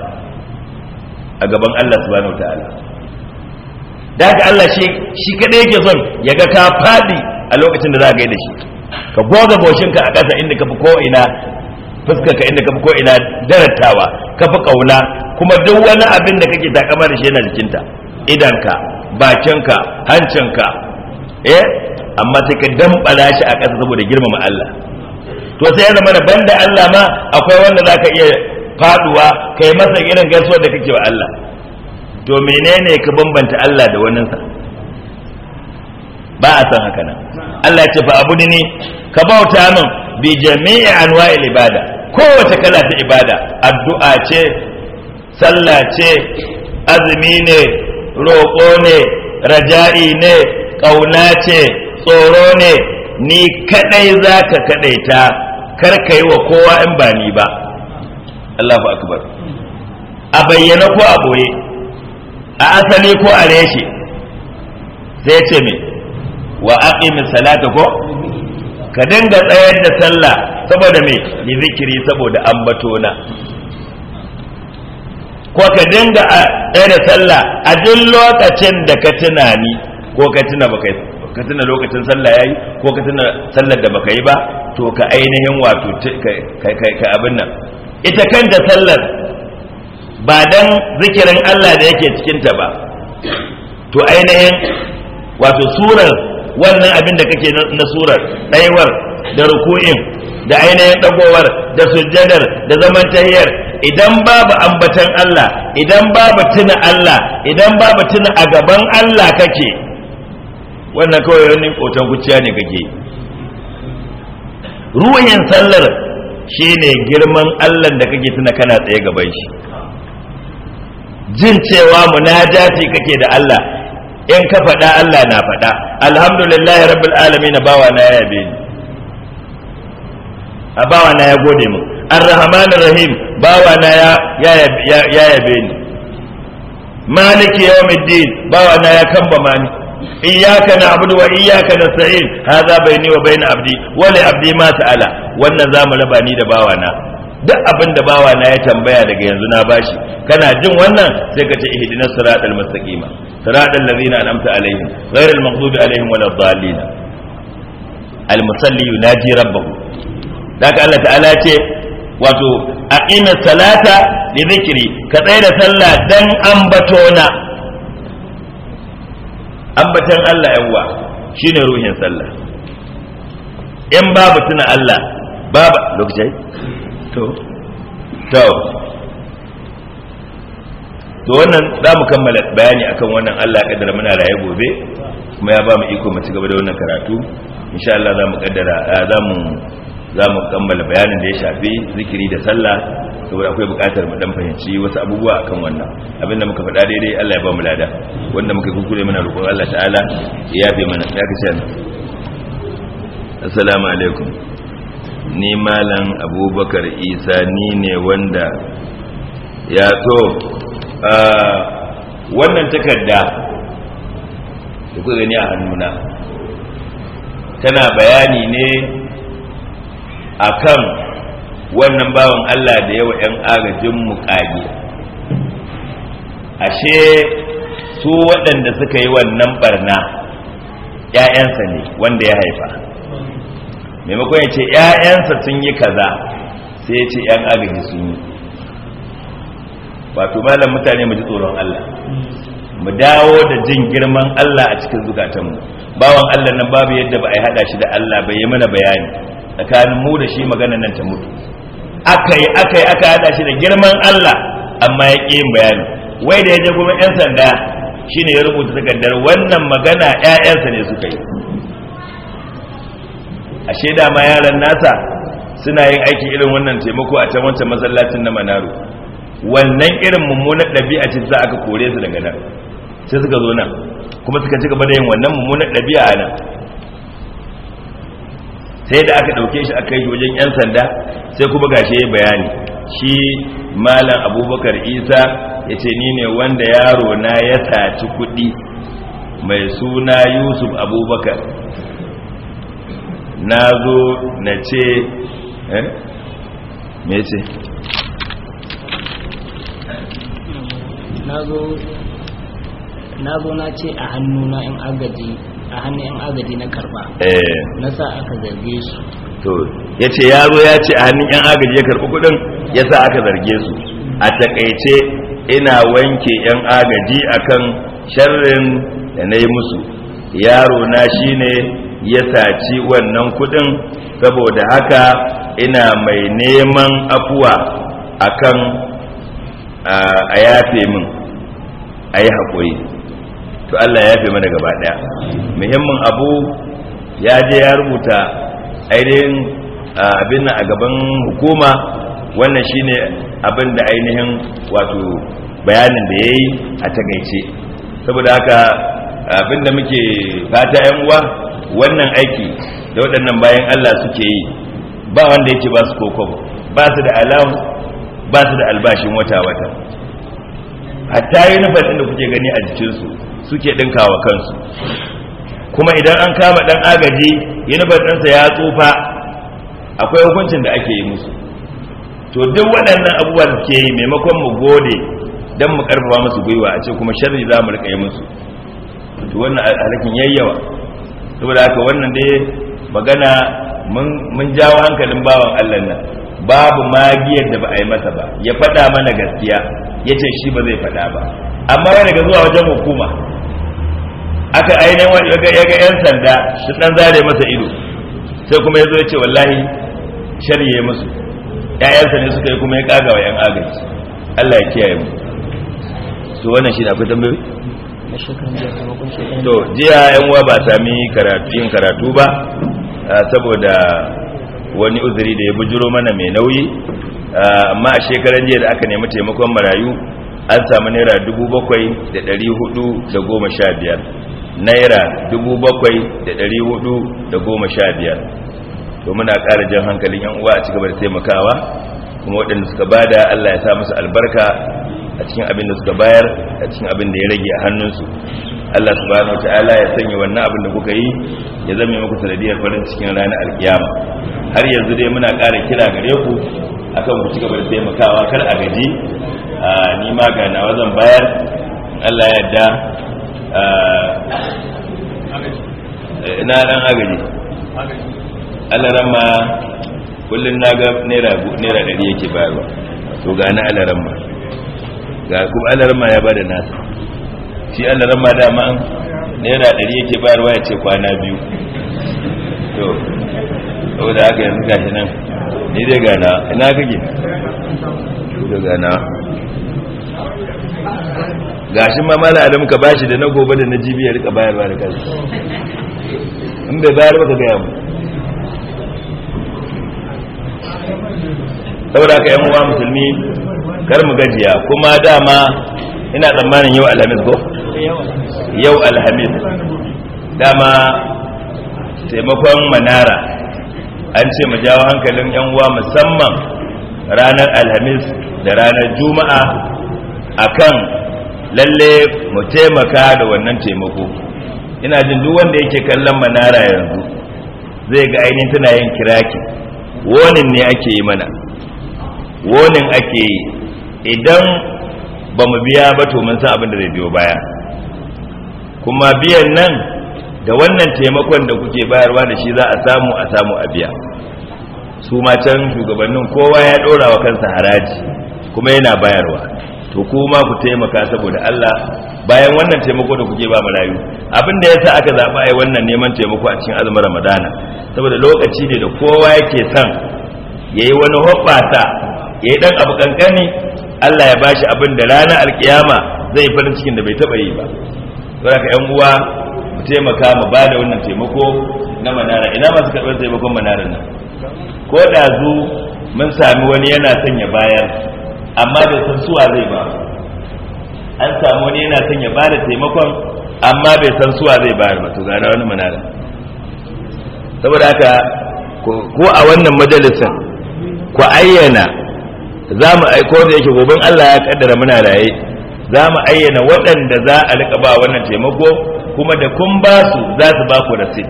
a gaban Allah subhanahu wataala da haka Allah shi shi kadai yake son ya ga ka fadi a lokacin da za ka yi da shi ka goga ka a kasa inda ka fi ko ina fuskarka inda ka fi ko ina darattawa ka fi kauna kuma duk wani abin da kake takama da shi yana jikinta idanka bakinka hancinka eh amma sai ka dambala shi a ƙasa saboda girmama Allah to sai ya zama da banda Allah ma akwai wanda za ka iya faduwa kai masa irin gaisuwar da kake wa Allah to menene ka bambanta Allah da sa ba a san haka nan Allah ya ce fa abudi ne ka bauta min bi jami'i anwa'il ibada kowace kala ta ibada addu'a ce sallah ce azumi ne roƙo ne raja'i ne ƙauna ce tsoro ne ni kadai za ka kadaita kar ka yi wa kowa in ba ni ba Allahu akbar a bayyana ko a boye a asali ko a reshe sai ce me wa aqimi salata ko ka dinga tsayar da sallah saboda me ni zikiri saboda ambato na. ko ka dinga a da sallah a duk lokacin da ka tunani ko ka tuna kai ka tuna lokacin sallah yayi ko ka tuna sallar da baka yi ba to ka ainihin wato ka abin nan ita kanta sallar ba dan zikirin Allah da yake cikin ta ba to ainihin wato surar wannan abin da kake na surar tsayuwar da ruku'in da ainihin dagowar da sujjadar da zaman tahiyar idan babu ambatan Allah idan babu tuna Allah idan babu tuna a gaban Allah kake wannan kawai wani kotan kuciya ne kake ruhin sallar shi ne girman Allah da kake tuna kana tsaye gaban shi jin cewa munajati kake da Allah in ka faɗa Allah na faɗa alhamdulillah alalami na bawa na yabe ni a bawa na ya gode mu. min arrahman rahim bawa na ya yabe ni maliki yawmiddin bawa na ya kamba mani iyyaka na'budu wa iyyaka nasta'in hadha baini wa baina abdi wa li abdi ma ta'ala wannan zamu raba ni da bawana duk abin da bawana ya tambaya daga yanzu na bashi kana jin wannan sai ka ce ihdinas siratal mustaqima siratal ladzina an'amta alaihim ghairil maghdubi alaihim waladdallin al-musalli yunaji rabbahu daga Allah ta'ala ce wato a ina salata da zikiri ka tsaya da sallah dan ambatona ambatan Allah shi shine ruhin sallah in babu tuna Allah babu lokacin to to to wannan za mu kammala bayani akan wannan Allah ya kaddara muna raye gobe kuma ya ba mu iko mu ci gaba da wannan karatu insha Allah za mu kaddara za mu za mu kammala bayanin da ya shafi zikiri da sallah saboda akwai bukatar mu dan fahimci wasu abubuwa akan wannan abin da muka faɗa daidai Allah ya ba mu lada wanda muka kuskure muna roƙon Allah ta'ala ya yafe mana ya kace assalamu alaikum ni malam abubakar isa ni ne wanda ya to wannan takarda da kuka gani a hannuna tana bayani ne akan wannan bawan Allah da yawa 'yan agajin muƙage ashe su waɗanda suka yi wannan barna 'ya'yansa ne wanda ya haifa maimakon ya ce 'ya'yansa sun yi kaza sai ya ce 'yan agaji sun yi wato malam mutane mu ji tsoron Allah mu dawo da jin girman Allah a cikin zukatanmu bawan Allah nan babu yadda ba a yi hada shi da Allah bai yi mana bayani tsakanin mu da shi maganar nan ta mutu aka yi aka yi aka hada shi da girman Allah amma ya ƙi yin bayani wai da ya je kuma 'yan sanda shine ya rubuta takardar wannan magana 'ya'yansa ne suka yi ashe ma yaran nasa suna yin aiki irin wannan taimako a can wancan masallacin na manaro wannan irin mummunar ɗabi'a ce za aka kore su daga nan sai suka zo nan kuma suka ci gaba da yin wannan mummunar ɗabi'a a nan sai da aka ɗauke shi aka yi wajen 'yan sanda sai kuma ga shi bayani shi malam abubakar isa ya ce ni ne wanda yaro na ya saci kuɗi mai suna yusuf abubakar na zo na ce eh ce
na zo na ce a hannuna in agaji a hannun yan agaji na karba eh. na sa aka zarge su
to ya ce yaro ya ce a hannun yan agaji ya karbi kudin ya sa aka zarge su a takaice ina wanke yan agaji akan sharrin da na yi musu yaro na shi ne ya saci wannan kudin saboda haka ina mai neman afuwa akan a yafe min a yi haƙuri to Allah ya fi mana gaba daya muhimmin abu ya je ya rubuta ainihin abin nan a gaban hukuma wannan shine abin da ainihin wato bayanin da ya yi a takaice saboda haka abin da muke fata yan uwa wannan aiki da waɗannan bayan Allah suke yi ba wanda yake ba su kokon, ba su da alam, ba su da albashin wata wata hatta yi nufin da kuke gani a jikinsu suke ɗinkawa kansu kuma idan an kama ɗan agaji yunibar ɗansa ya tsufa akwai hukuncin da ake yi musu to duk waɗannan abubuwan ke yi maimakon mu gode don mu ƙarfafa musu gwiwa a ce kuma sharri za mu riƙa yi musu to wannan alhakin yayyawa saboda haka wannan dai magana mun jawo hankalin bawan Allah nan babu magiyar da ba a yi masa ba ya faɗa mana gaskiya yace shi ba zai faɗa ba amma daga zuwa wajen hukuma aka ainihin wani ya ga 'yan sanda su ɗan zare masa ido sai kuma ya zo ya ce wallahi shari'a musu 'ya'yansa ne suka yi kuma ya kaga wa 'yan agaji Allah ya kiyaye mu to wannan shi ne akwai tambayoyi
to jiya 'yan uwa
ba sami yin karatu ba saboda wani uzuri da ya bujuro mana mai nauyi amma a shekaran jiya da aka nemi taimakon marayu an samu naira dubu bakwai da dari hudu da goma sha biyar naira dubu bakwai da dari hudu da goma sha biyar to muna ƙara jan hankalin yan uwa a cigaba da taimakawa kuma waɗanda suka bada Allah ya sa musu albarka a cikin abin da suka bayar a cikin abin da ya rage a hannunsu Allah subhanahu ala ya sanya wannan abin da kuka yi ya zama muku sanadiyar farin cikin ranar alkiyama har yanzu dai muna ƙara kira gare ku akan ku cigaba da taimakawa kar a gaji ni ma ga nawa zan bayar Allah ya yarda na dan agaji Allah ramma kullun na ga naira 100 yake bayarwa to ga na Allah ramma ga kuma Allah ramma ya bada nasa shi Allah ramma dama naira 100 yake bayarwa ya ce kwana biyu to
saboda haka yanzu
gashi nan ni dai ga na ina kake daga na shi ma malalim ka bashi da na gobe da na jibi ya rika bayarwa da kansa in bai bayar ba ka gaya mu saboda ka yan uwa musulmi kar mu gajiya kuma dama ina tsammanin yau alhamis ko yau alhamis dama taimakon manara an ce mu jawo hankalin yan uwa musamman ranar alhamis da ranar juma'a akan lalle mu taimaka da wannan taimako ina jin duk wanda yake kallon manara yanzu zai ga ainihin tana yin kiraki wonin ne ake yi mana wonin ake yi idan ba mu biya ba to mun san abin da zai biyo baya kuma biyan nan da wannan taimakon da kuke bayarwa da shi za a samu a samu a biya su matan shugabannin kowa ya ɗora wa kansa haraji kuma yana bayarwa to kuma ku taimaka saboda Allah bayan wannan taimako da kuke ba marayu abin da yasa aka zaba ai wannan neman taimako a cikin azumin ramadana saboda lokaci ne da kowa yake son yayi wani hobbata yayi dan abu kankani Allah ya bashi abin da ranar alkiyama zai farin cikin da bai taba yi ba saboda yan uwa mu taimaka mu bada wannan taimako na manara ina masu karɓar taimakon manarar nan ko da zu mun sami wani yana son ya bayar amma bai san suwa zai ba an sami wani yana son ya ba da taimakon amma bai san suwa zai bayar ba to gane wani manada saboda haka ko a wannan majalisin ku ayyana za mu aiko da yake gobin Allah ya kaddara muna raye za mu ayyana waɗanda za a rika ba wannan taimako kuma da kun ba su za su ba ku rasit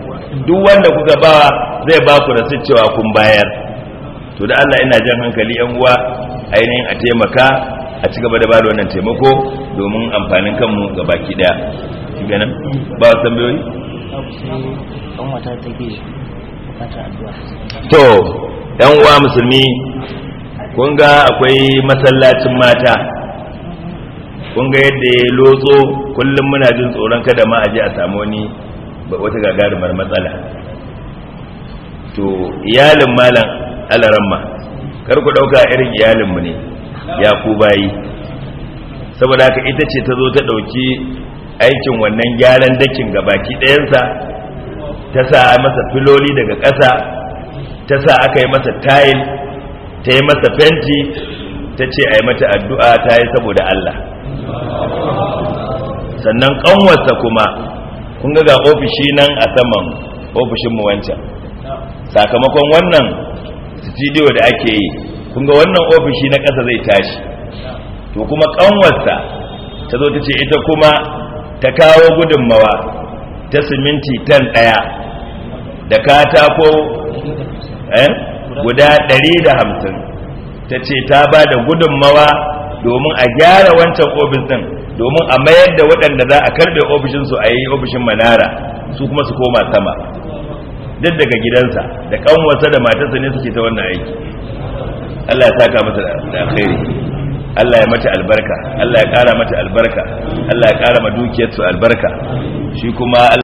duk wanda kuka ba zai ba ku rasit cewa kun bayar to da Allah ina jan hankali yan uwa ainihin a taimaka a ci gaba da ba da wannan taimako domin amfanin kanmu ga baki daya ganin ba su tambayoyi to yan uwa musulmi kun ga akwai masallacin mata kun ga yadda ya lotso kullum muna jin tsoron kada ma a je a samu wani wata gagarumar matsala to iyalin malam alaramma kar ku dauka irin iyalinmu ne ya ku bayi saboda haka ita ce ta zo ta dauki aikin wannan gyaran dakin ga baki ɗayansa ta sa masa filoli daga ƙasa ta sa aka yi masa tayil ta yi masa fenti ta ce a yi mata addu'a ta yi saboda Allah sannan kanwarsa kuma kun ga ga ofishi nan a saman ofishin mu wancan sakamakon wannan studio da ake yi kun ga wannan ofishi na ƙasa zai tashi to kuma kanwarsa ta zo ta ce ita kuma ta kawo gudunmawa ta siminti tan ɗaya da katako eh, guda ɗari da hamsin ta ce ta ba da gudunmawa domin a gyara wancan ofis domin a mayar da waɗanda za a karɓe su a yi ofishin manara su kuma su koma sama duk daga gidansa da ƙanwarsa da matarsa ne suke ta wannan aiki Allah ya saka mata da alkhairi Allah ya mata albarka Allah ya ƙara mata albarka Allah ya ƙara ma su albarka shi kuma